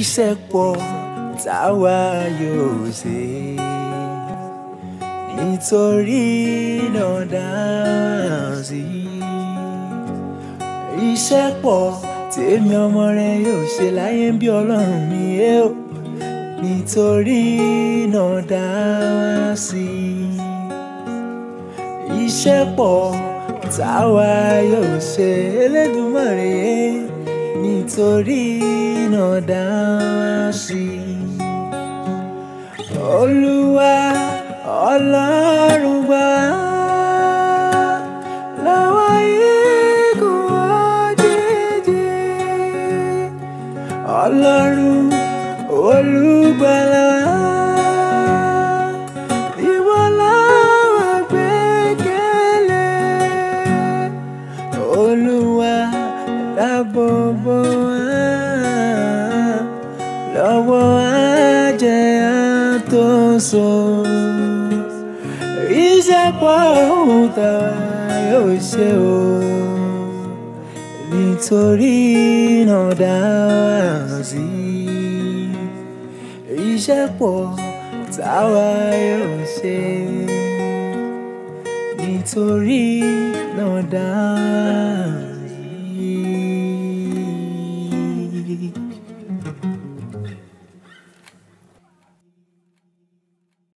iṣẹ́ pọ̀ táwa yóò ṣe nítorí náà dáhùn sí iṣẹ́ pọ̀ tèmi ọmọ rẹ yóò ṣe láyé bí ọlọ́run mi ẹ o nítorí náà dáhùn sí iṣẹ́ pọ̀ táwa yóò ṣe Elédùmarè nítorí náà dá wa sí. Olúwa Ọlọ́run gbà lọ́wọ́ ikùn òjijì. Ọlọ́run olùgbàlà. Ìwọ la wa gbẹ́kẹ̀lé. Olúwa lábọ̀bọ̀ á lọ́wọ́ àjẹ́ tó so iṣẹ́ pọ̀ ohun tàwa yóò ṣe o nítorí náà dá wa sí iṣẹ́ pọ̀ tàwa yóò ṣe nítorí náà dá sí.